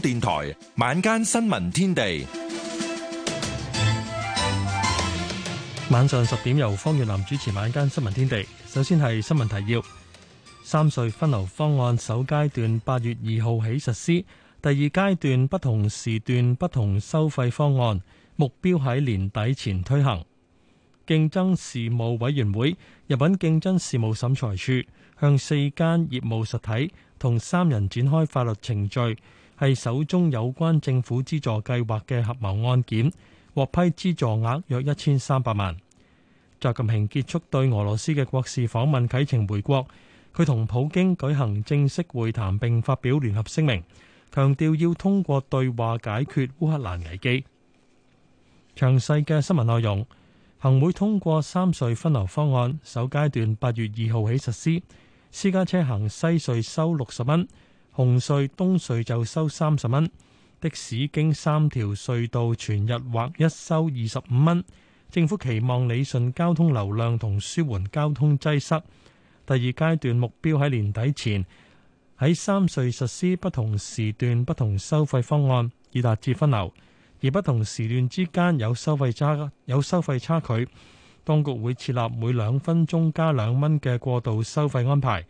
電台晚間新聞天地，晚上十點由方月林主持。晚間新聞天地，首先係新聞提要：三隧分流方案首階段八月二號起實施，第二階段不同時段不同收費方案目標喺年底前推行。競爭事務委員會入禀競爭事務審裁處，向四間業務實體同三人展開法律程序。係首宗有關政府資助計劃嘅合謀案件獲批資助額約一千三百萬。習近平結束對俄羅斯嘅國事訪問，啟程回國。佢同普京舉行正式會談，並發表聯合聲明，強調要通過對話解決烏克蘭危機。詳細嘅新聞內容，行會通過三隧分流方案，首階段八月二號起實施，私家車行西隧收六十蚊。紅隧、東隧就收三十蚊，的士經三條隧道全日劃一收二十五蚊。政府期望理順交通流量同舒緩交通擠塞。第二階段目標喺年底前喺三隧實施不同時段不同收費方案，以達至分流。而不同時段之間有收費差有收費差距，當局會設立每兩分鐘加兩蚊嘅過渡收費安排。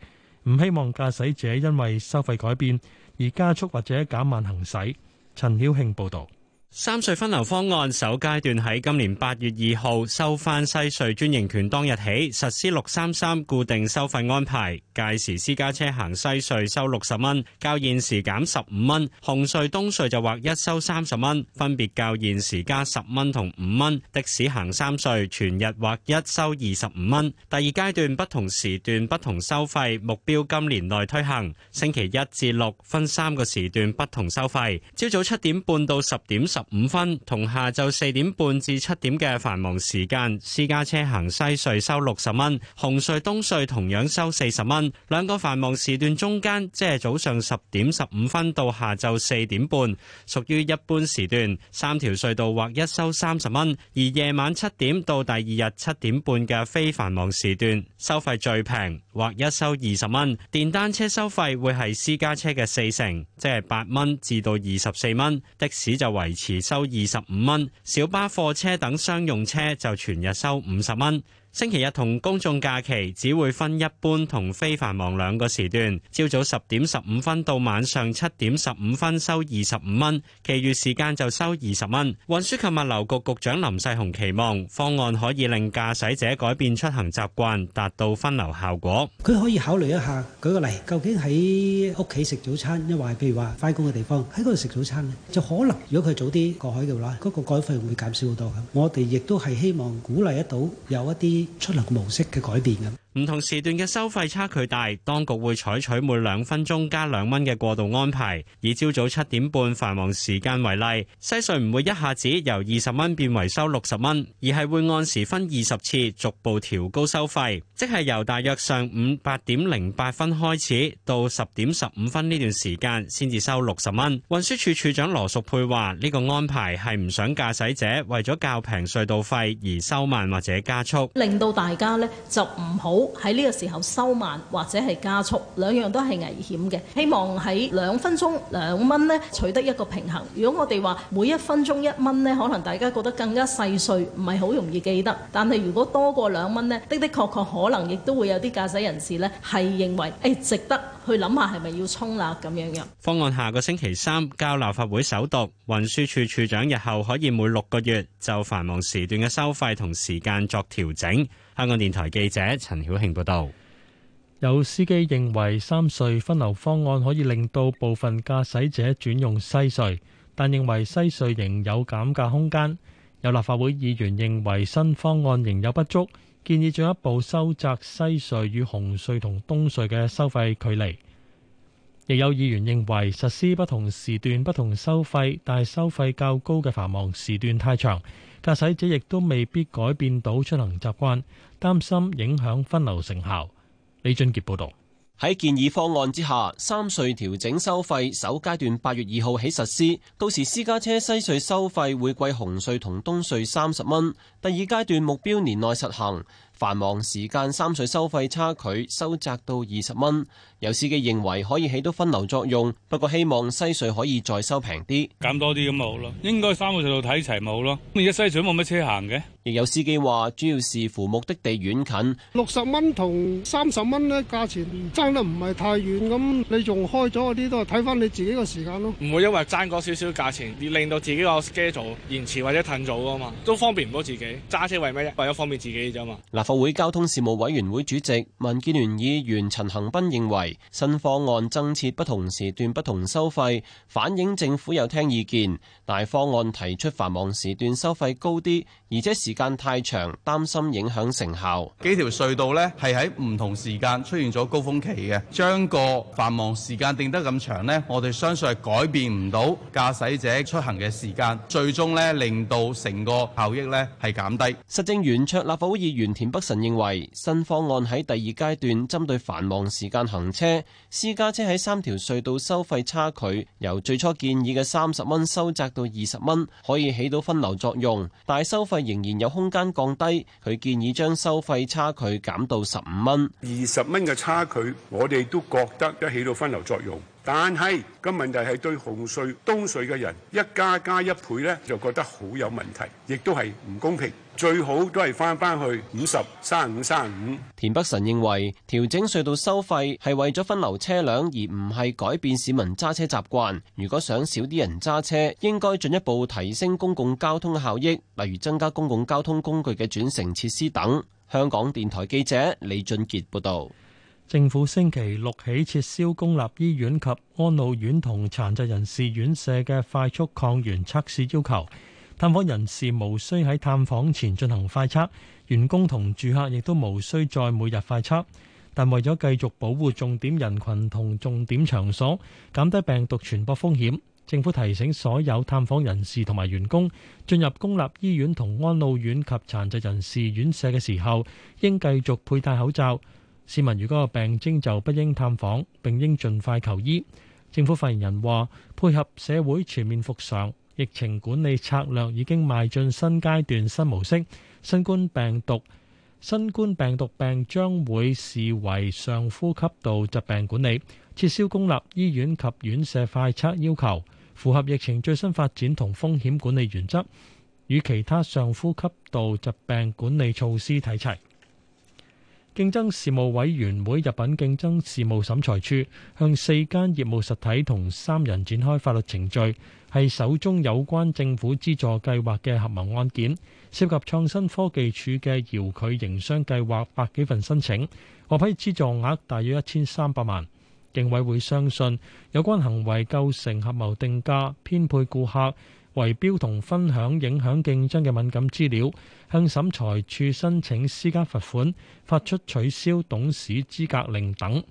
唔希望駕駛者因為收費改變而加速或者減慢行駛，陳曉慶報道。三隧分流方案首階段喺今年八月二號收翻西隧專營權當日起實施六三三固定收費安排，屆時私家車行西隧收六十蚊，較現時減十五蚊；紅隧東隧就劃一收三十蚊，分別較現時加十蚊同五蚊。的士行三隧全日劃一收二十五蚊。第二階段不同時段不同收費，目標今年內推行。星期一至六分三個時段不同收費，朝早七點半到十點十，五分同下晝四點半至七點嘅繁忙時間，私家車行西隧收六十蚊，紅隧、東隧同樣收四十蚊。兩個繁忙時段中間，即係早上十點十五分到下晝四點半，屬於一般時段，三條隧道劃一收三十蚊。而夜晚七點到第二日七點半嘅非繁忙時段，收費最平，劃一收二十蚊。電單車收費會係私家車嘅四成，即係八蚊至到二十四蚊。的士就維持。而收二十五蚊，小巴、貨車等商用車就全日收五十蚊。星期日同公眾假期只會分一般同非繁忙兩個時段，朝早十點十五分到晚上七點十五分收二十五蚊，其餘時間就收二十蚊。運輸及物流局局長林世雄期望方案可以令駕駛者改變出行習慣，達到分流效果。佢可以考慮一下，舉個例，究竟喺屋企食早餐，一話譬如話翻工嘅地方，喺嗰度食早餐咧，就可能如果佢早啲過海度啦，嗰個改費會減少好多。我哋亦都係希望鼓勵得到有一啲。出行模式嘅改變。咁唔同時段嘅收費差距大，當局會採取每兩分鐘加兩蚊嘅過渡安排。以朝早七點半繁忙時間為例，西隧唔會一下子由二十蚊變為收六十蚊，而係會按時分二十次逐步調高收費，即係由大約上午八點零八分開始，到十點十五分呢段時間先至收六十蚊。運輸署署長羅淑佩話：呢個安排係唔想駕駛者為咗較平隧道費而收慢或者加速，令到大家呢就唔好。喺呢個時候收慢或者係加速，兩樣都係危險嘅。希望喺兩分鐘兩蚊咧取得一個平衡。如果我哋話每一分鐘一蚊咧，可能大家覺得更加細碎，唔係好容易記得。但係如果多過兩蚊咧，的的確確可能亦都會有啲駕駛人士咧係認為，誒值得去諗下係咪要衝啦咁樣樣。方案下個星期三交立法會首讀。運輸署署長日後可以每六個月就繁忙時段嘅收費同時間作調整。香港電台記者陳曉慶報道，有司機認為三隧分流方案可以令到部分駕駛者轉用西隧，但認為西隧仍有減價空間。有立法會議員認為新方案仍有不足，建議進一步收窄西隧與紅隧同東隧嘅收費距離。亦有議員認為實施不同時段不同收費，但係收費較高嘅繁忙時段太長。駕駛者亦都未必改變到出行習慣，擔心影響分流成效。李俊傑報導。喺建議方案之下，三隧調整收費首階段八月二號起實施，到時私家車西隧收費會貴紅隧同東隧三十蚊。第二階段目標年內實行。繁忙時間三隧收費差距收窄到二十蚊，有司機認為可以起到分流作用，不過希望西隧可以再收平啲，減多啲咁好咯。應該三個隧道睇齊冇咯。咁而家西隧冇乜車行嘅。亦有司機話，主要視乎目的地遠近，六十蚊同三十蚊呢，價錢爭得唔係太遠。咁你仲開咗嗰啲都係睇翻你自己個時間咯。唔會因為爭嗰少少價錢，而令到自己個 schedule 延遲或者褪早啊嘛，都方便唔到自己。揸車為咩啫？為咗方便自己啫嘛。嗱。大會交通事務委員會主席、民建聯議員陳恒鑌認為，新方案增設不同時段不同收費，反映政府有聽意見。大方案提出繁忙時段收費高啲。而且時間太長，擔心影響成效。幾條隧道呢係喺唔同時間出現咗高峰期嘅，將個繁忙時間定得咁長呢，我哋相信係改變唔到駕駛者出行嘅時間，最終呢令到成個效益呢係減低。實政圓桌立法會議員田北辰認為，新方案喺第二階段針對繁忙時間行車。私家車喺三條隧道收費差距，由最初建議嘅三十蚊收窄到二十蚊，可以起到分流作用。但收費仍然有空間降低，佢建議將收費差距減到十五蚊。二十蚊嘅差距，我哋都覺得都起到分流作用。但係個問題係對紅隧、東隧嘅人一加加一倍呢，就覺得好有問題，亦都係唔公平。最好都係翻翻去五十三五三五。田北辰認為調整隧道收費係為咗分流車輛，而唔係改變市民揸車習慣。如果想少啲人揸車，應該進一步提升公共交通效益，例如增加公共交通工具嘅轉乘設施等。香港電台記者李俊傑報導。政府星期六起撤銷公立醫院及安老院同殘疾人士院舍嘅快速抗原測試要求，探訪人士無需喺探訪前進行快測，員工同住客亦都無需再每日快測，但為咗繼續保護重點人群同重點場所，減低病毒傳播風險，政府提醒所有探訪人士同埋員工進入公立醫院同安老院及殘疾人士院舍嘅時候，應繼續佩戴口罩。市民如果有病徵，就不應探訪，並應盡快求醫。政府發言人話：配合社會全面復常，疫情管理策略已經邁進新階段、新模式。新冠病毒，新冠病毒病將會視為上呼吸道疾病管理，撤銷公立醫院及院舍快測要求，符合疫情最新發展同風險管理原則，與其他上呼吸道疾病管理措施睇齊。競爭事務委員會入稟競爭事務審裁處，向四間業務實體同三人展開法律程序，係首宗有關政府資助計劃嘅合謀案件，涉及創新科技署嘅遙距營商計劃百幾份申請，獲批資助額大約一千三百萬。競委會相信有關行為構成合謀定價、編配顧客，圍標同分享影響競爭嘅敏感資料，向審裁處申請私家罰款、發出取消董事資格令等。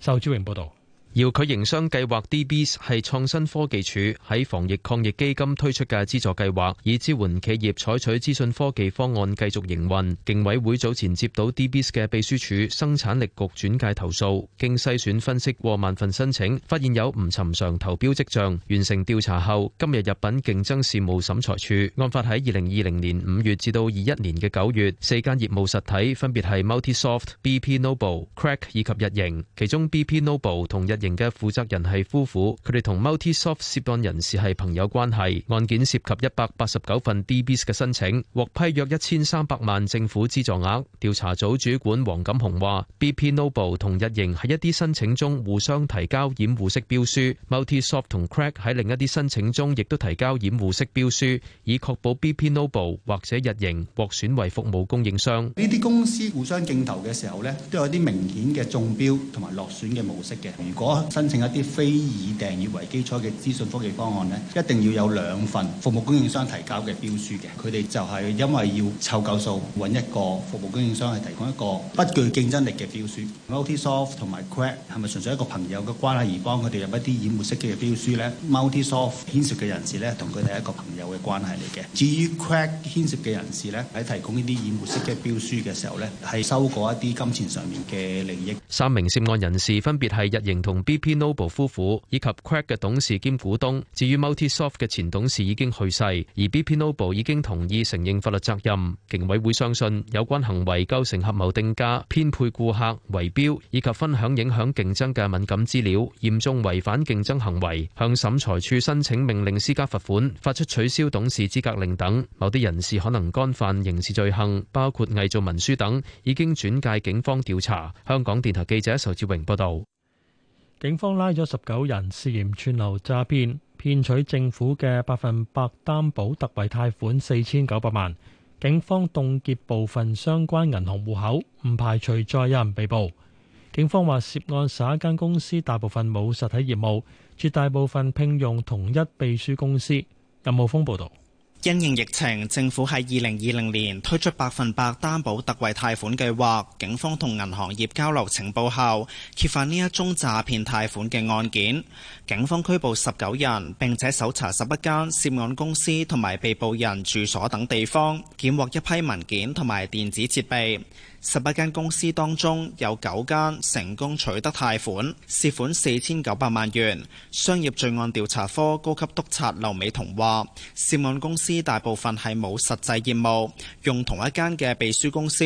邵志榮報道。遙距營商計劃 DBS 係創新科技署喺防疫抗疫基金推出嘅資助計劃，以支援企業採取資訊科技方案繼續營運。競委會早前接到 DBS 嘅秘書處生產力局轉介投訴，經篩選分析過萬份申請，發現有唔尋常投標跡象。完成調查後，今日入稟競爭事務審裁處。案發喺二零二零年五月至到二一年嘅九月，四間業務實體分別係 Multisoft、BP Noble、Crack 以及日營，其中 BP Noble 同日型嘅負責人係夫婦，佢哋同 MultiSoft 涉案人士係朋友關係。案件涉及一百八十九份 DBS 嘅申請，獲批約一千三百萬政府資助額。調查組主管黃錦雄話：BP Noble 同日盈喺一啲申請中互相提交掩護式標書，MultiSoft 同 Crack 喺另一啲申請中亦都提交掩護式標書，以確保 BP Noble 或者日盈獲選為服務供應商。呢啲公司互相競投嘅時候呢，都有啲明顯嘅中標同埋落選嘅模式嘅。如果申請一啲非以訂閱為基礎嘅資訊科技方案呢，一定要有兩份服務供應商提交嘅標書嘅。佢哋就係因為要湊夠數，揾一個服務供應商係提供一個不具競爭力嘅標書。MultiSoft 同埋 Quack 係咪純粹一個朋友嘅關係而幫佢哋入一啲掩護式嘅標書呢？MultiSoft 牽涉嘅人士呢，同佢哋係一個朋友嘅關係嚟嘅。至於 Quack 牽涉嘅人士呢，喺提供呢啲掩護式嘅標書嘅時候呢，係收過一啲金錢上面嘅利益。三名涉案人士分別係日營同。BP Noble 夫婦以及 Crack 嘅董事兼股東。至於 Multisoft 嘅前董事已經去世，而 BP Noble 已經同意承認法律責任。競委會相信有關行為構成合謀定價、偏配顧客、圍標以及分享影響競爭嘅敏感資料，嚴重違反競爭行為，向審裁處申請命令施加罰款、發出取消董事資格令等。某啲人士可能干犯刑事罪行，包括偽造文書等，已經轉介警方調查。香港電台記者仇志榮報道。警方拉咗十九人涉嫌串流詐騙騙取政府嘅百分百擔保特惠貸款四千九百萬，警方凍結部分相關銀行戶口，唔排除再有人被捕。警方話涉案十一間公司大部分冇實體業務，絕大部分聘用同一秘書公司。任浩峯報道。因應疫情，政府喺二零二零年推出百分百擔保特惠貸款計劃。警方同銀行業交流情報後，揭發呢一宗詐騙貸款嘅案件。警方拘捕十九人，並且搜查十一間涉案公司同埋被捕人住所等地方，檢獲一批文件同埋電子設備。十八間公司當中，有九間成功取得貸款，涉款四千九百萬元。商業罪案調查科高級督察劉美彤話，涉案公司大部分係冇實際業務，用同一間嘅秘書公司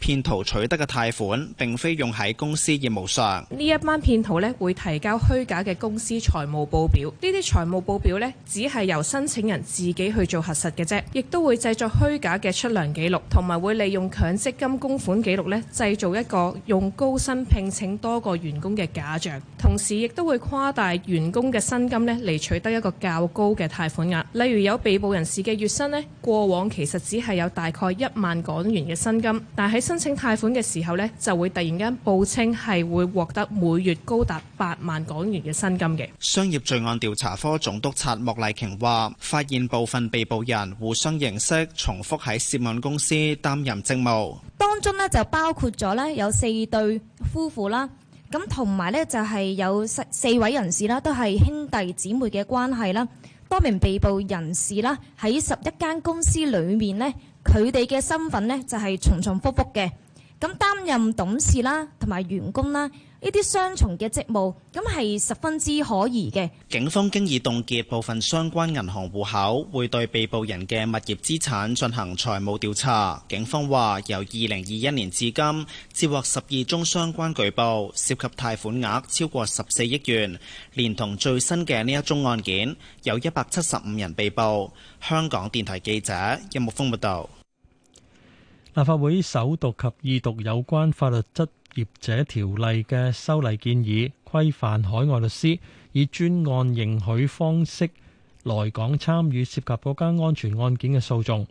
騙徒取得嘅貸款，並非用喺公司業務上。呢一班騙徒呢，會提交虛假嘅公司財務報表，呢啲財務報表呢，只係由申請人自己去做核實嘅啫，亦都會製作虛假嘅出糧記錄，同埋會利用強積金供款。本記錄呢，製造一個用高薪聘請多個員工嘅假象，同時亦都會誇大員工嘅薪金呢，嚟取得一個較高嘅貸款額，例如有被捕人士嘅月薪呢，過往其實只係有大概一萬港元嘅薪金，但係喺申請貸款嘅時候呢，就會突然間報稱係會獲得每月高達八萬港元嘅薪金嘅。商業罪案調查科總督察莫麗瓊話，發現部分被捕人互相認識，重複喺涉案公司擔任職務當中，就包括咗咧有四對夫婦啦，咁同埋咧就係有四四位人士啦，都係兄弟姊妹嘅關係啦。多名被捕人士啦喺十一間公司裏面咧，佢哋嘅身份咧就係重重復復嘅，咁擔任董事啦，同埋員工啦。呢啲雙重嘅職務，咁係十分之可疑嘅。警方經已凍結部分相關銀行戶口，會對被捕人嘅物業資產進行財務調查。警方話，由二零二一年至今，接獲十二宗相關舉報，涉及貸款額超過十四億元，連同最新嘅呢一宗案件，有一百七十五人被捕。香港電台記者任木峯報道。立法會首讀及二讀有關法律質業者條例嘅修例建議，規範海外律師以專案認許方式來港參與涉及國家安全案件嘅訴訟。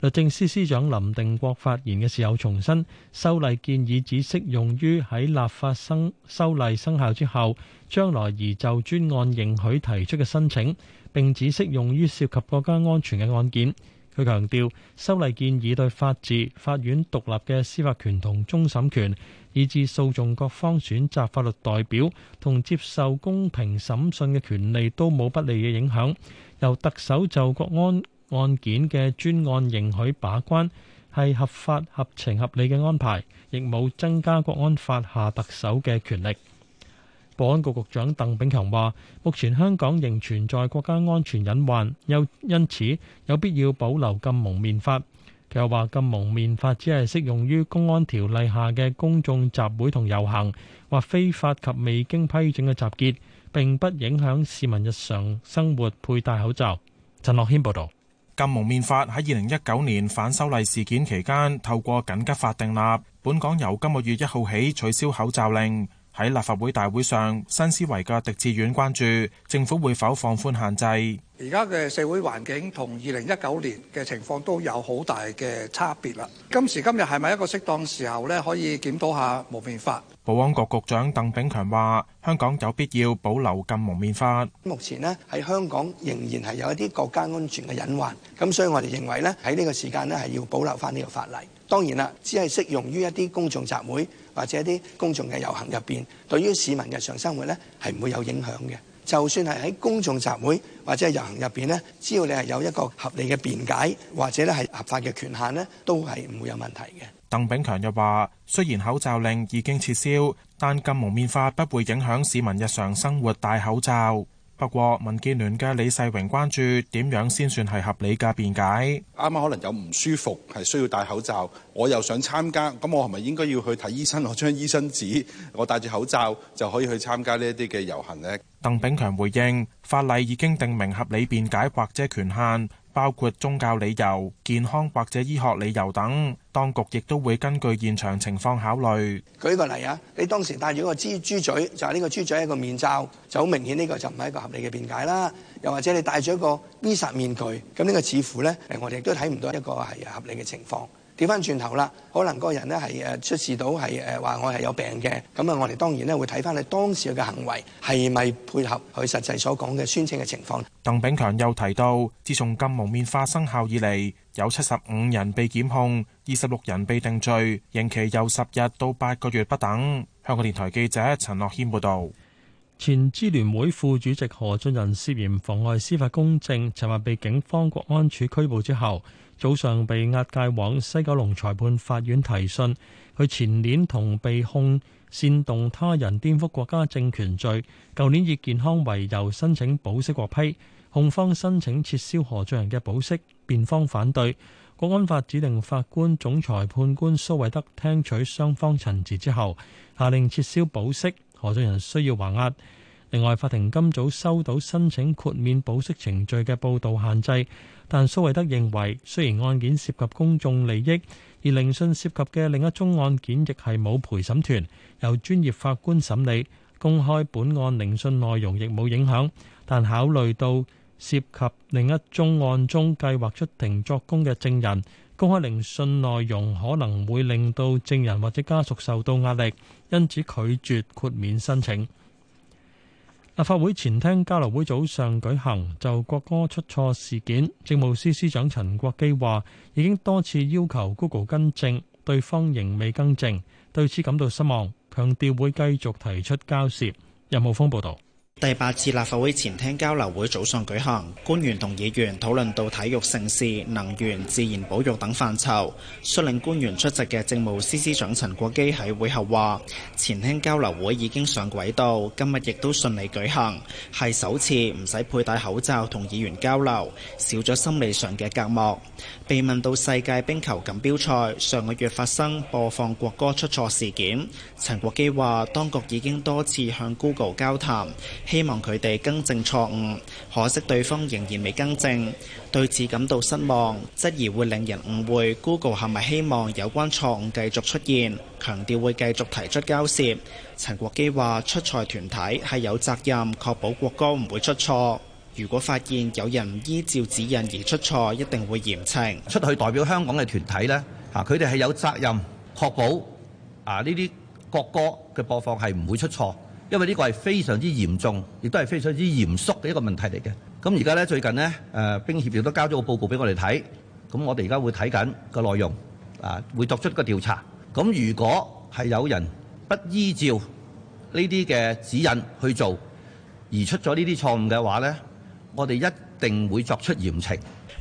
律政司司長林定國發言嘅時候重申，修例建議只適用於喺立法生修例生效之後將來而就專案認許提出嘅申請，並只適用於涉及國家安全嘅案件。佢強調，修例建議對法治、法院獨立嘅司法權同終審權，以至訴訟各方選擇法律代表同接受公平審訊嘅權利都冇不利嘅影響。由特首就國安案件嘅專案認許把關，係合法、合情、合理嘅安排，亦冇增加國安法下特首嘅權力。保安局局長鄧炳強話：目前香港仍存在國家安全隱患，又因此有必要保留禁蒙面法。佢又話禁蒙面法只係適用於公安條例下嘅公眾集會同遊行或非法及未經批准嘅集結，並不影響市民日常生活佩戴口罩。陳樂謙報道。禁蒙面法喺2019年反修例事件期間透過緊急法訂立，本港由今個月一號起取消口罩令。喺立法會大會上，新思維嘅狄志遠關注政府會否放寬限制。而家嘅社會環境同二零一九年嘅情況都有好大嘅差別啦。今時今日係咪一個適當時候呢，可以檢討下蒙面法？保安局局長鄧炳強話：香港有必要保留禁蒙面法。目前呢喺香港仍然係有一啲國家安全嘅隱患，咁所以我哋認為呢喺呢個時間呢係要保留返呢個法例。當然啦，只係適用於一啲公眾集會或者一啲公眾嘅遊行入邊，對於市民日常生活呢係唔會有影響嘅。就算係喺公眾集會或者係遊行入邊咧，只要你係有一個合理嘅辯解，或者咧係合法嘅權限咧，都係唔會有問題嘅。鄧炳強又話，雖然口罩令已經撤銷，但禁蒙面法不會影響市民日常生活戴口罩。不過，民建聯嘅李世榮關注點樣先算係合理嘅辯解？啱啱可能有唔舒服，係需要戴口罩，我又想參加，咁我係咪應該要去睇醫生攞張醫生紙，我戴住口罩就可以去參加呢一啲嘅遊行呢？鄧炳強回應：法例已經定明合理辯解或者權限。包括宗教理由、健康或者醫學理由等，當局亦都會根據現場情況考慮。舉個例啊，你當時戴住個豬豬嘴，就係呢個豬嘴一個面罩，就好明顯呢個就唔係一個合理嘅辯解啦。又或者你戴咗一個 V 煞面具，咁呢個似乎呢，誒，我哋都睇唔到一個係合理嘅情況。調翻轉頭啦，可能嗰個人呢係，誒，出事到係，誒，話我係有病嘅，咁啊，我哋當然咧會睇翻你當時嘅行為係咪配合佢實際所講嘅宣稱嘅情況。鄧炳強又提到，自從禁蒙面法生效以嚟，有七十五人被檢控，二十六人被定罪，刑期由十日到八個月不等。香港電台記者陳樂軒報道。前支聯會副主席何俊仁涉嫌妨礙司法公正，尋日被警方國安處拘捕之後，早上被押解往西九龍裁判法院提訊，佢前年同被控煽動他人顛覆國家政權罪，舊年以健康為由申請保釋獲批，控方申請撤銷何俊仁嘅保釋，辯方反對，國安法指定法官總裁判官蘇慧德聽取雙方陳詞之後，下令撤銷保釋，何俊仁需要還押。另外，法庭今早收到申請豁免保釋程序嘅報道限制，但蘇惠德認為，雖然案件涉及公眾利益，而聆訊涉及嘅另一宗案件亦係冇陪審團，由專業法官審理，公開本案聆訊內容亦冇影響。但考慮到涉及另一宗案中計劃出庭作供嘅證人，公開聆訊內容可能會令到證人或者家屬受到壓力，因此拒絕豁免申請。立法會前廳交流會早上舉行，就國歌出錯事件，政務司司長陳國基話：已經多次要求 Google 更正，對方仍未更正，對此感到失望，強調會繼續提出交涉。任浩峯報導。第八次立法會前廳交流會早上舉行，官員同議員討論到體育、盛事、能源、自然保育等範疇。率領官員出席嘅政務司司長陳國基喺會後話，前廳交流會已經上軌道，今日亦都順利舉行，係首次唔使佩戴口罩同議員交流，少咗心理上嘅隔膜。被問到世界冰球錦標賽上個月發生播放國歌出錯事件，陳國基話，當局已經多次向 Google 交談。希望佢哋更正錯誤，可惜對方仍然未更正，對此感到失望，質疑會令人誤會 Google 係咪希望有關錯誤繼續出現？強調會繼續提出交涉。陳國基話：出賽團體係有責任確保國歌唔會出錯。如果發現有人依照指引而出錯，一定會嚴懲。出去代表香港嘅團體呢，啊佢哋係有責任確保啊呢啲國歌嘅播放係唔會出錯。因為呢個係非常之嚴重，亦都係非常之嚴肅嘅一個問題嚟嘅。咁而家呢，最近呢，誒、呃、兵協亦都交咗個報告俾我哋睇，咁、嗯、我哋而家會睇緊個內容，啊會作出一個調查。咁、嗯、如果係有人不依照呢啲嘅指引去做，而出咗呢啲錯誤嘅話呢，我哋一定會作出嚴懲。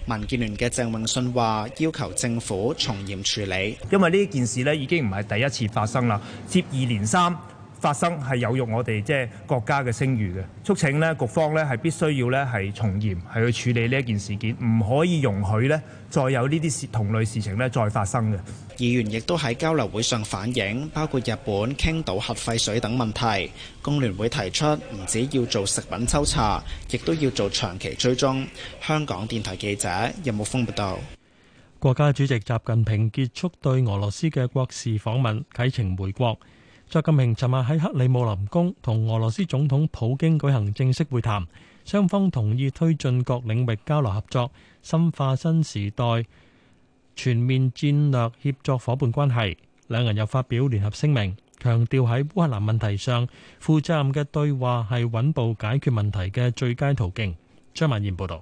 民建聯嘅鄭泳舜話要求政府從嚴處理，因為呢件事呢已經唔係第一次發生啦，接二連三。發生係有辱我哋即係國家嘅聲譽嘅，促請咧局方咧係必須要咧係從嚴係去處理呢一件事件，唔可以容許咧再有呢啲同類事情咧再發生嘅。議員亦都喺交流會上反映，包括日本傾倒核廢水等問題。工聯會提出唔止要做食品抽查，亦都要做長期追蹤。香港電台記者任木峯報道。國家主席習近平結束對俄羅斯嘅國事訪問，啟程回國。習近平尋日喺克里姆林宮同俄羅斯總統普京舉行正式會談，雙方同意推進各領域交流合作，深化新時代全面戰略協作夥伴關係。兩人又發表聯合聲明，強調喺烏克蘭問題上，負責任嘅對話係穩步解決問題嘅最佳途徑。張曼燕報道。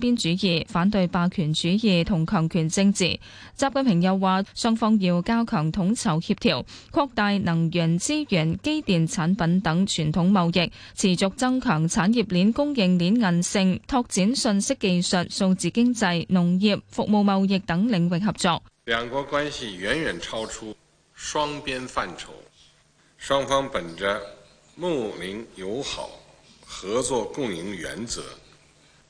邊主義反對霸權主義同強權政治。習近平又話：雙方要加強統籌協調，擴大能源、資源、機電產品等傳統貿易，持續增強產業鏈、供應鏈韌性，拓展信息技術、數字經濟、農業、服務貿易等領域合作。兩國關係遠遠超出雙邊範疇，雙方本着睦鄰友好、合作共贏原則。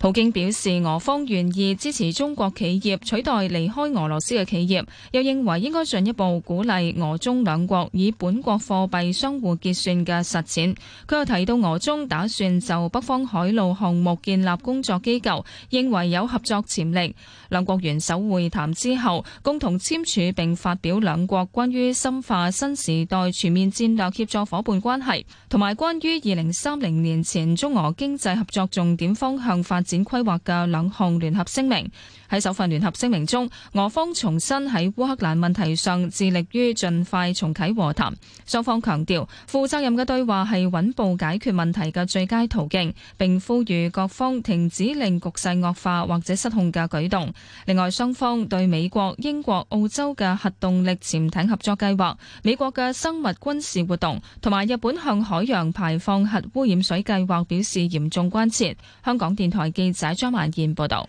普京表示，俄方願意支持中國企業取代離開俄羅斯嘅企業，又認為應該進一步鼓勵俄中兩國以本國貨幣相互結算嘅實踐，佢又提到，俄中打算就北方海路項目建立工作機構，認為有合作潛力。兩國元首會談之後共同簽署並發表兩國關於深化新時代全面戰略協作伙伴關係，同埋關於二零三零年前中俄經濟合作重點方向發展展規劃嘅兩項聯合聲明。喺首份聯合聲明中，俄方重申喺烏克蘭問題上致力於盡快重啟和談，雙方強調負責任嘅對話係穩步解決問題嘅最佳途徑，並呼籲各方停止令局勢惡化或者失控嘅舉動。另外，雙方對美國、英國、澳洲嘅核動力潛艇合作計劃、美國嘅生物軍事活動同埋日本向海洋排放核污染水計劃表示嚴重關切。香港電台。記者張萬健報道，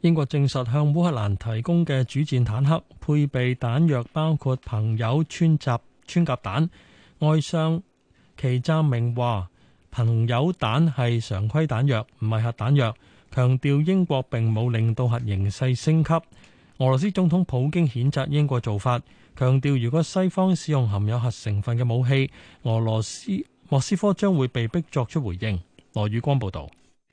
英國證實向烏克蘭提供嘅主戰坦克配備彈藥包括貧鈾穿甲穿甲彈。外相祁湛明話，貧鈾彈係常規彈藥，唔係核彈藥。強調英國並冇令到核形勢升級。俄羅斯總統普京譴責英國做法，強調如果西方使用含有核成分嘅武器，俄羅斯莫斯科將會被逼作出回應。羅宇光報道。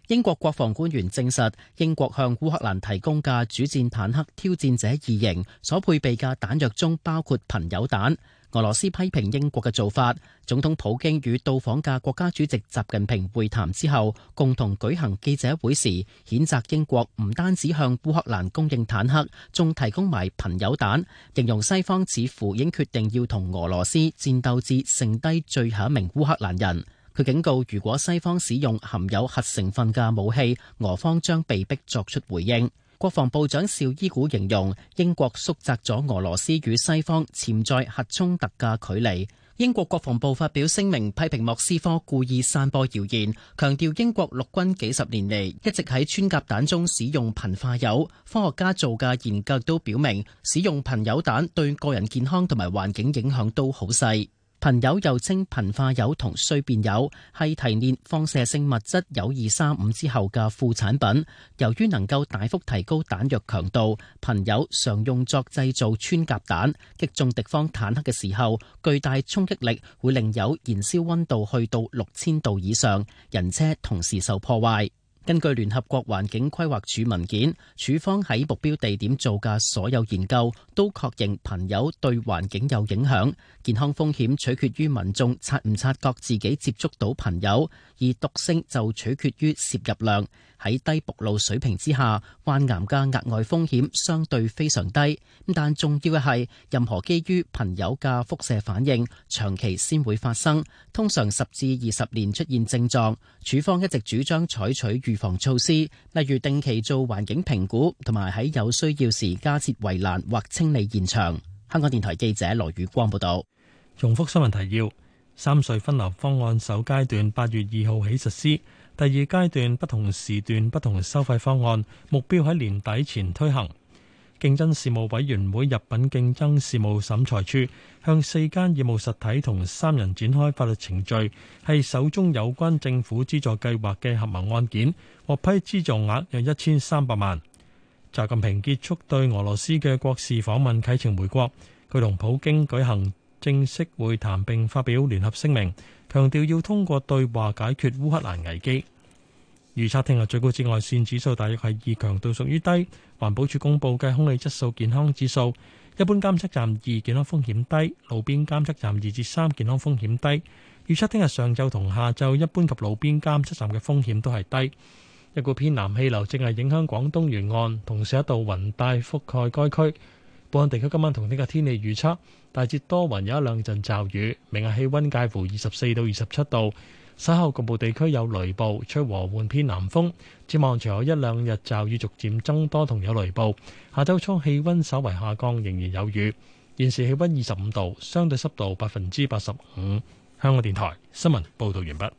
英國國防官員證實，英國向烏克蘭提供嘅主戰坦克挑戰者二型所配備嘅彈藥中包括貧鈾彈。俄羅斯批評英國嘅做法。總統普京與到訪嘅國家主席習近平會談之後，共同舉行記者會時，譴責英國唔單止向烏克蘭供應坦克，仲提供埋貧鈾彈，形容西方似乎已經決定要同俄羅斯戰鬥至剩低最後一名烏克蘭人。佢警告：如果西方使用含有核成分嘅武器，俄方將被迫作出回應。國防部長紹伊古形容，英國縮窄咗俄羅斯與西方潛在核衝突嘅距離。英國國防部發表聲明，批評莫斯科故意散播謠言，強調英國陸軍幾十年嚟一直喺穿甲彈中使用貧化鈾。科學家做嘅研究都表明，使用貧鈾彈對個人健康同埋環境影響都好細。貧鈾又稱貧化鈾同衰變鈾，係提煉放射性物質鈾二三五之後嘅副產品。由於能夠大幅提高彈藥強度，貧鈾常用作製造穿甲彈。擊中敵方坦克嘅時候，巨大衝擊力會令鈾燃燒溫度去到六千度以上，人車同時受破壞。根據聯合國環境規劃署文件，處方喺目標地點做嘅所有研究都確認朋友對環境有影響，健康風險取決於民眾察唔察覺自己接觸到朋友，而毒性就取決於攝入量。喺低暴露水平之下，患癌嘅額外風險相對非常低。但重要嘅係，任何基於朋友嘅輻射反應，長期先會發生，通常十至二十年出現症狀，署方一直主張採取預防措施，例如定期做環境評估，同埋喺有需要時加設圍欄或清理現場。香港電台記者羅宇光報道。重複新聞提要：三隧分流方案首階段八月二號起實施。第二階段，不同時段不同收費方案，目標喺年底前推行。競爭事務委員會入禀競爭事務審裁處，向四間業務實體同三人展開法律程序，係首宗有關政府資助計劃嘅合謀案件，獲批資助額約一千三百萬。習近平結束對俄羅斯嘅國事訪問，啟程回國。佢同普京舉行正式會談並發表聯合聲明。強調要通過對話解決烏克蘭危機。預測聽日最高紫外線指數大約係二，強度屬於低。環保署公布嘅空氣質素健康指數，一般監測站二，健康風險低；路邊監測站二至三，健康風險低。預測聽日上晝同下晝一般及路邊監測站嘅風險都係低。一股偏南氣流正係影響廣東沿岸，同時一道雲帶覆蓋該區。本地區今晚同聽日天氣預測，大致多雲，有一兩陣驟雨。明日氣溫介乎二十四到二十七度。稍後局部地區有雷暴，吹和緩偏南風。展望隨後一兩日驟雨逐漸增多同有雷暴。下周初氣温稍為下降，仍然有雨。現時氣温二十五度，相對濕度百分之八十五。香港電台新聞報道完畢。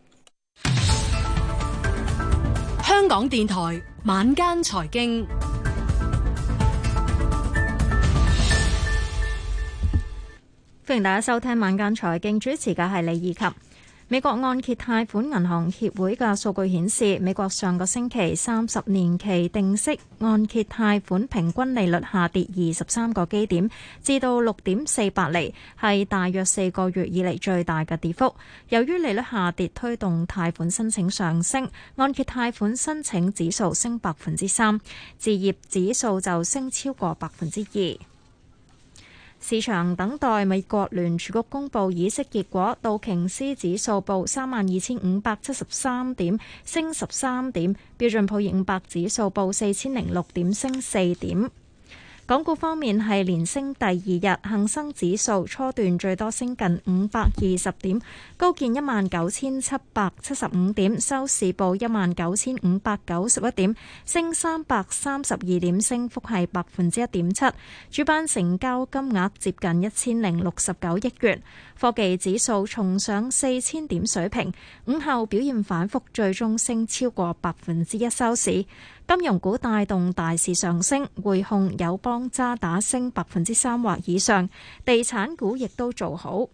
香港電台晚間財經。歡迎大家收聽晚間財經，主持嘅係李二琴。美國按揭貸款銀行協會嘅數據顯示，美國上個星期三十年期定息按揭貸款平均利率下跌二十三個基點，至到六點四八厘，係大約四個月以嚟最大嘅跌幅。由於利率下跌推動貸款申請上升，按揭貸款申請指數升百分之三，置業指數就升超過百分之二。市場等待美國聯儲局公布議息結果，道瓊斯指數報三萬二千五百七十三點，升十三點，標準普爾五百指數報四千零六點，升四點。港股方面係連升第二日，恒生指數初段最多升近五百二十點，高見一萬九千七百七十五點，收市報一萬九千五百九十一點，升三百三十二點，升幅係百分之一點七。主板成交金額接近一千零六十九億元，科技指數重上四千點水平，午後表現反復，最終升超過百分之一收市。金融股帶動大市上升，匯控、友邦渣打升百分之三或以上，地產股亦都做好。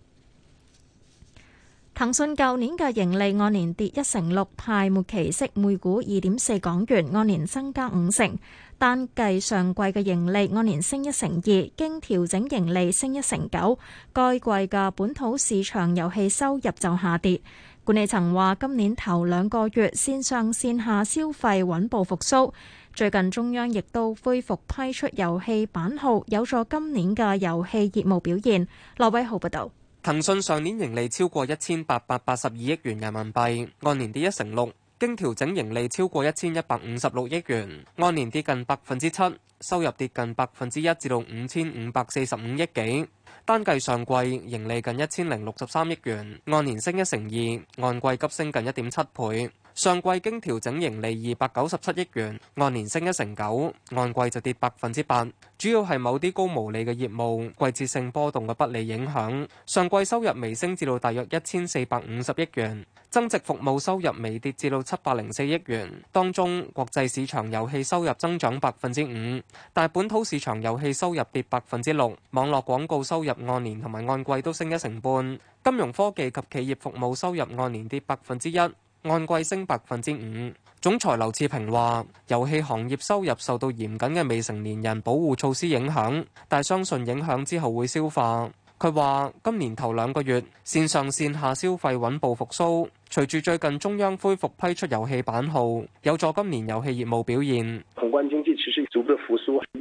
騰訊舊年嘅盈利按年跌一成六，派末期息每股二點四港元，按年增加五成。單計上季嘅盈利按年升一成二，經調整盈利升一成九。該季嘅本土市場遊戲收入就下跌。管理層話，今年頭兩個月線上線下消費穩步復蘇，最近中央亦都恢復批出遊戲版號，有助今年嘅遊戲業務表現。羅偉豪報道。騰訊上年盈利超過一千八百八十二億元人民幣，按年跌一成六，經調整盈利超過一千一百五十六億元，按年跌近百分之七，收入跌近百分之一，至到五千五百四十五億幾。單計上季盈利近一千零六十三億元，按年升一成二，按季急升近一點七倍。上季經調整盈利二百九十七億元，按年升一成九，按季就跌百分之八，主要係某啲高毛利嘅業務季節性波動嘅不利影響。上季收入微升至到大約一千四百五十億元，增值服務收入微跌至到七百零四億元，當中國際市場遊戲收入增長百分之五，但本土市場遊戲收入跌百分之六，網絡廣告收入按年同埋按季都升一成半，金融科技及企業服務收入按年跌百分之一。按季升百分之五，總裁劉熾平話，遊戲行業收入受到嚴謹嘅未成年人保護措施影響，但相信影響之後會消化。佢話今年頭兩個月線上線下消費穩步復蘇，隨住最近中央恢復批出遊戲版號，有助今年遊戲業務表現。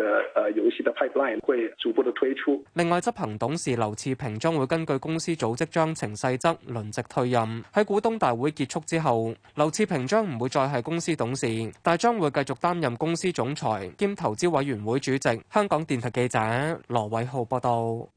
的呃遊戲嘅 pipeline 會逐步嘅推出。另外，執行董事劉賜平將會根據公司組織章程細則輪值退任。喺股東大會結束之後，劉賜平將唔會再係公司董事，但係將會繼續擔任公司總裁兼投資委員會主席。香港電台記者羅偉浩報道。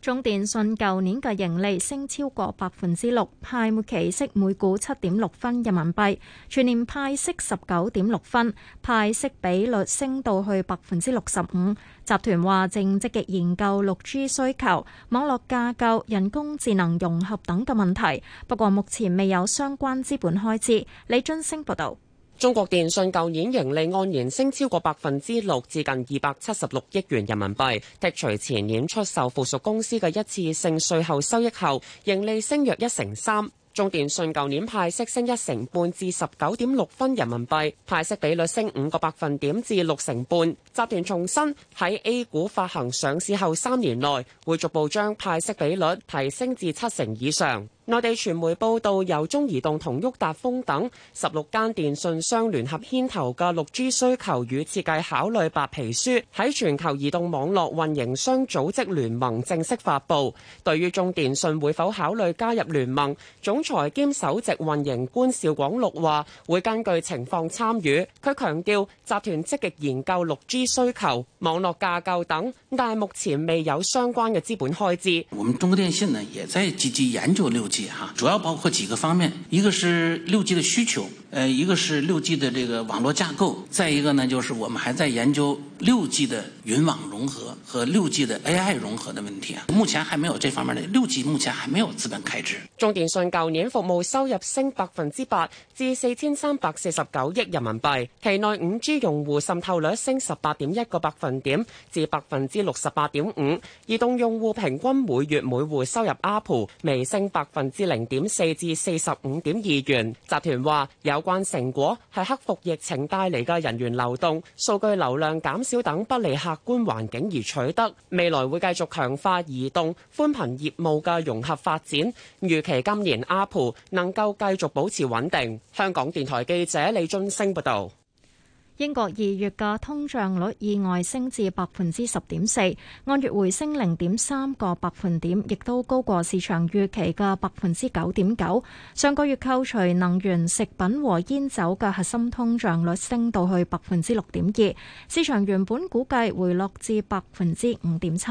中電信舊年嘅盈利升超過百分之六，派末期息每股七點六分人民幣，全年派息十九點六分，派息比率升到去百分之六十五。集團話正積極研究六 G 需求、網絡架構、人工智能融合等嘅問題，不過目前未有相關資本開支。李津升報道。中國電信舊年盈利按年升超過百分之六，至近二百七十六億元人民幣。剔除前年出售附屬公司嘅一次性稅後收益後，盈利升約一成三。中電信舊年派息升一成半至十九點六分人民幣，派息比率升五個百分點至六成半。集團重申喺 A 股發行上市後三年內，會逐步將派息比率提升至七成以上。內地傳媒報道，由中移動同沃達豐等十六間電信商聯合牽頭嘅六 G 需求與設計考慮白皮書喺全球移動網絡運營商組織聯盟正式發布。對於中電信會否考慮加入聯盟，總裁兼首席運營官邵廣祿話：會根據情況參與。佢強調集團積極研究六 G 需求、網絡架構等，但係目前未有相關嘅資本開支。我們中國電信呢，也在積極研究六 G。主要包括幾個方面，一個是六 G 的需求，呃，一個是六 G 的這個網絡架構，再一個呢，就是我們還在研究六 G 的雲網融合和六 G 的 AI 融合的問題。目前還沒有這方面的六 G，目前還沒有資本開支。中電信舊年服務收入升百分之八，至四千三百四十九億人民幣。期內五 G 用戶滲透率升十八點一個百分點，至百分之六十八點五。移動用戶平均每月每戶收入阿普微升百分。分之零點四至四十五點二元。集，集團話有關成果係克服疫情帶嚟嘅人員流動數據流量減少等不利客觀環境而取得，未來會繼續強化移動寬頻業務嘅融合發展，預期今年 ARPU 能夠繼續保持穩定。香港電台記者李俊升報道。英國二月嘅通脹率意外升至百分之十點四，按月回升零點三個百分點，亦都高過市場預期嘅百分之九點九。上個月扣除能源、食品和煙酒嘅核心通脹率升到去百分之六點二，市場原本估計回落至百分之五點七。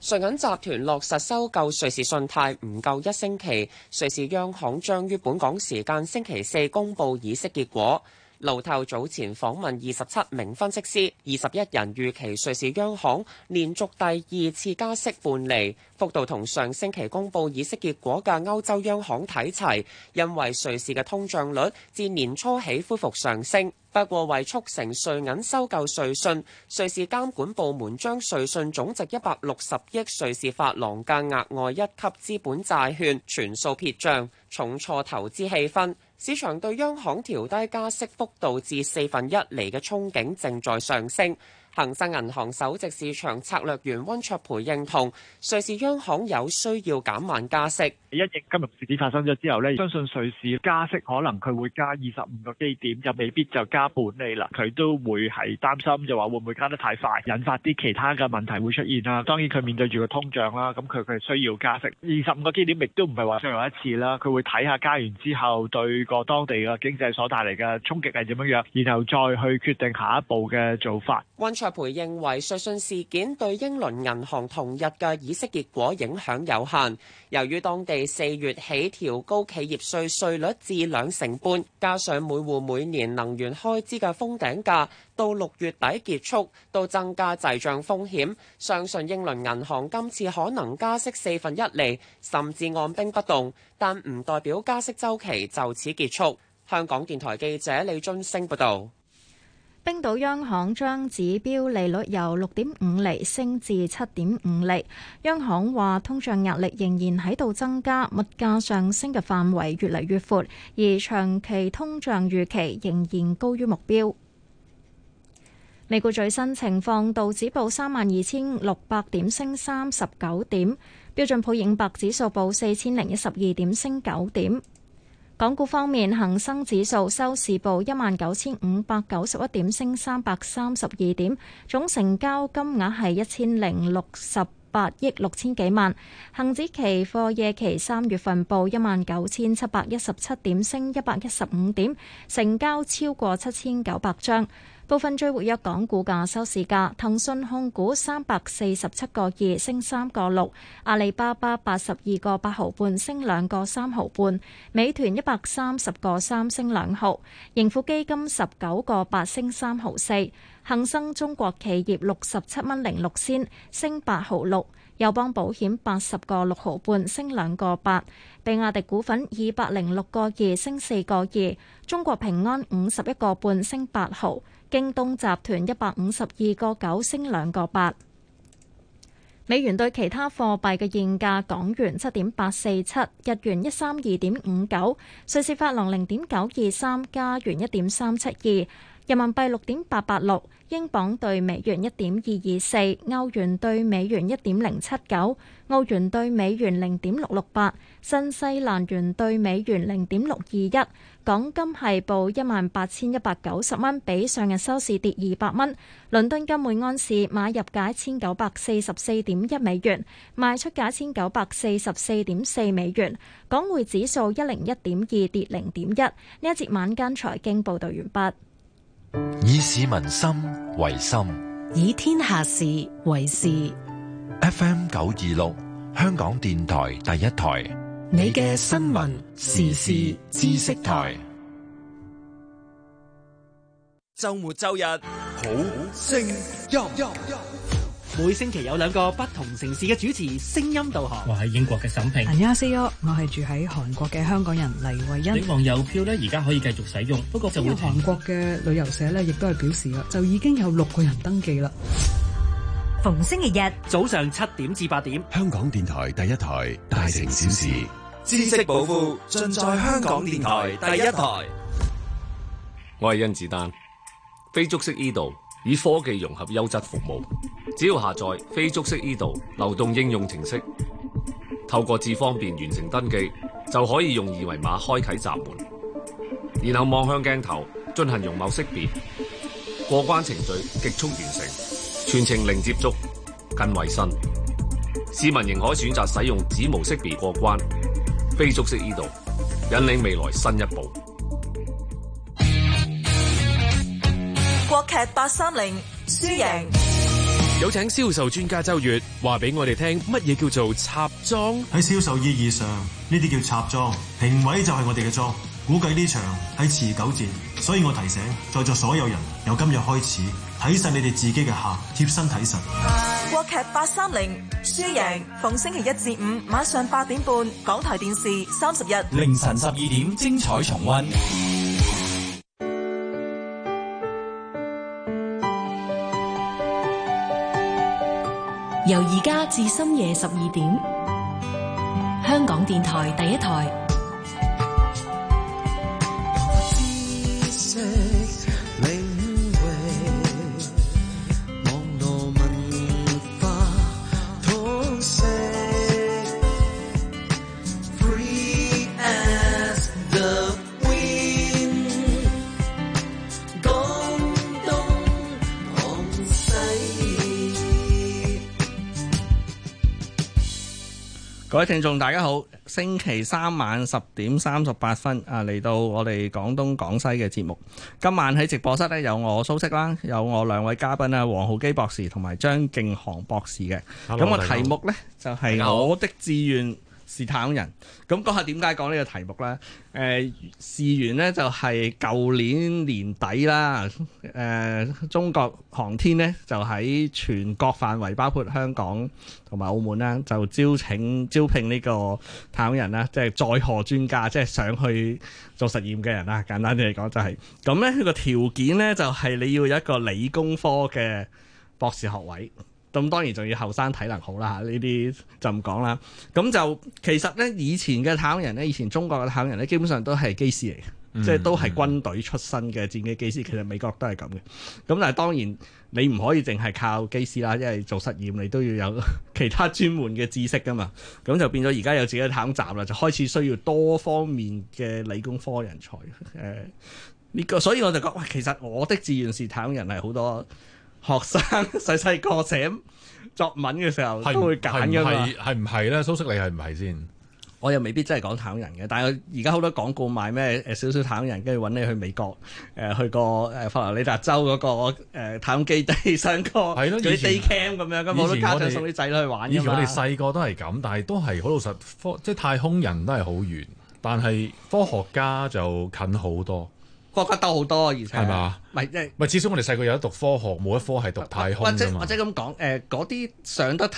瑞銀集團落實收購瑞士信貸唔夠一星期，瑞士央行將於本港時間星期四公佈議息結果。路透早前訪問二十七名分析師，二十一人預期瑞士央行連續第二次加息半厘，幅度同上星期公佈議息結果嘅歐洲央行睇齊，因為瑞士嘅通脹率自年初起恢復上升。不過為促成瑞銀收購瑞信，瑞士監管部門將瑞信總值一百六十億瑞士法郎嘅額外一級資本債券全數撇帳，重挫投資氣氛。市場對央行調低加息幅度至四分一厘嘅憧憬正在上升。恒生銀行首席市場策略員温卓培認同，瑞士央行有需要減慢加息。一隻今日事件發生咗之後呢，相信瑞士加息可能佢會加二十五個基點，就未必就加半釐啦。佢都會係擔心，就話會唔會加得太快，引發啲其他嘅問題會出現啦。當然佢面對住個通脹啦，咁佢佢需要加息。二十五個基點亦都唔係話最後一次啦。佢會睇下加完之後對個當地嘅經濟所帶嚟嘅衝擊係點樣樣，然後再去決定下一步嘅做法。溫卓。阿培認為，瑞信事件對英倫銀行同日嘅議息結果影響有限。由於當地四月起調高企業稅稅率至兩成半，加上每戶每年能源開支嘅封頂價到六月底結束，都增加滯脹風險。相信英倫銀行今次可能加息四分一釐，甚至按兵不動，但唔代表加息週期就此結束。香港電台記者李津升報道。冰島央行將指標利率由六點五厘升至七點五厘。央行話通脹壓力仍然喺度增加，物價上升嘅範圍越嚟越闊，而長期通脹預期仍然高於目標。美股最新情況，道指報三萬二千六百點，升三十九點；標準普爾五百指數報四千零一十二點，升九點。港股方面，恒生指數收市報一萬九千五百九十一點，升三百三十二點，總成交金額係一千零六十八億六千幾萬。恒指期貨夜期三月份報一萬九千七百一十七點，升一百一十五點，成交超過七千九百張。部分最活躍港股價收市價，騰訊控股三百四十七個二升三個六，阿里巴巴八十二個八毫半升兩個三毫半，美團一百三十個三升兩毫，盈富基金十九個八升三毫四，恒生中國企業六十七蚊零六仙升八毫六，友邦保險八十個六毫半升兩個八，比亞迪股份二百零六個二升四個二，中國平安五十一個半升八毫。京東集團一百五十二個九升兩個八，美元對其他貨幣嘅現價：港元七點八四七，日元一三二點五九，瑞士法郎零點九二三，加元一點三七二。人民幣六點八八六，英鎊兌美元一點二二四，歐元兌美元一點零七九，澳元兌美元零點六六八，新西蘭元兌美元零點六二一。港金係報一萬八千一百九十蚊，比上日收市跌二百蚊。倫敦金每安士買入價一千九百四十四點一美元，賣出價一千九百四十四點四美元。港匯指數一零一點二，跌零點一。呢一節晚間財經報道完畢。以市民心為心，以天下事為事。FM 九二六香港電台第一台，你嘅新聞時事知識台。周末，周日好聲音。每星期有兩個不同城市嘅主持聲音導航。我喺英國嘅沈平，阿西歐，我係住喺韓國嘅香港人黎慧欣。希望郵票呢而家可以繼續使用，不過就有韓國嘅旅遊社呢亦都係表示啦，就已經有六個人登記啦。逢星期日早上七點至八點，香港電台第一台大城小事，知識寶庫盡在香港電台第一台。我係甄子丹，非竹式 i d 以科技融合優質服務，只要下載非觸式 e 道流動應用程式，透過智方便完成登記，就可以用二維碼開啟閘門，然後望向鏡頭進行容貌識別，過關程序極速完成，全程零接觸、更衛生。市民仍可選擇使用指模識別過關。非觸式 e 道引領未來新一步。國劇八三零輸贏，有請銷售專家周月話俾我哋聽乜嘢叫做插樁？喺銷售意義上，呢啲叫插樁。評委就係我哋嘅樁。估計呢場喺持久戰，所以我提醒在座所有人，由今日開始，睇晒你哋自己嘅客，貼身睇實。國劇八三零輸贏，逢星期一至五晚上八點半，港台電視三十日凌晨十二點，精彩重溫。由而家至深夜十二點，香港電台第一台。各位聽眾，大家好。星期三晚十點三十八分啊，嚟到我哋廣東廣西嘅節目。今晚喺直播室呢，有我蘇軾啦，有我兩位嘉賓啊，黃浩基博士同埋張敬航博士嘅。咁個 Hello，題目呢，就係我的志願。是太空人，咁講下點解講呢個題目咧？誒、呃、事源咧就係、是、舊年年底啦，誒、呃、中國航天呢，就喺全國範圍，包括香港同埋澳門啦，就招請招聘呢個太空人啦，即係載荷專家，即、就、係、是、想去做實驗嘅人啦。簡單啲嚟講就係、是，咁咧個條件咧就係、是、你要有一個理工科嘅博士學位。咁當然仲要後生體能好啦嚇，呢啲就唔講啦。咁就其實咧，以前嘅太空人咧，以前中國嘅太空人咧，基本上都係機師嚟嘅，嗯嗯即係都係軍隊出身嘅戰機機師。其實美國都係咁嘅。咁但係當然你唔可以淨係靠機師啦，因為做實驗你都要有其他專門嘅知識噶嘛。咁就變咗而家有自己嘅太空站啦，就開始需要多方面嘅理工科人才。誒，呢個所以我就覺得，其實我的志願是太空人係好多。學生細細個寫作文嘅時候都會揀噶嘛？係唔係咧？蘇軾你係唔係先？我又未必真係講太空人嘅，但係而家好多廣告賣咩誒，小小太空人，跟住搵你去美國誒、呃，去過、呃羅那個誒佛羅里達州嗰個誒太空基地上過，係咯的，攞啲 D cam 咁樣，咁我都家長送啲仔女去玩。以前我哋細個都係咁，但係都係好老實科，即係太空人都係好遠，但係科學家就近好多。國家多好多、啊，而且咪即係唔係。至少我哋細個有得讀科學，冇一科係讀太空。或者或者咁講，誒嗰啲上得。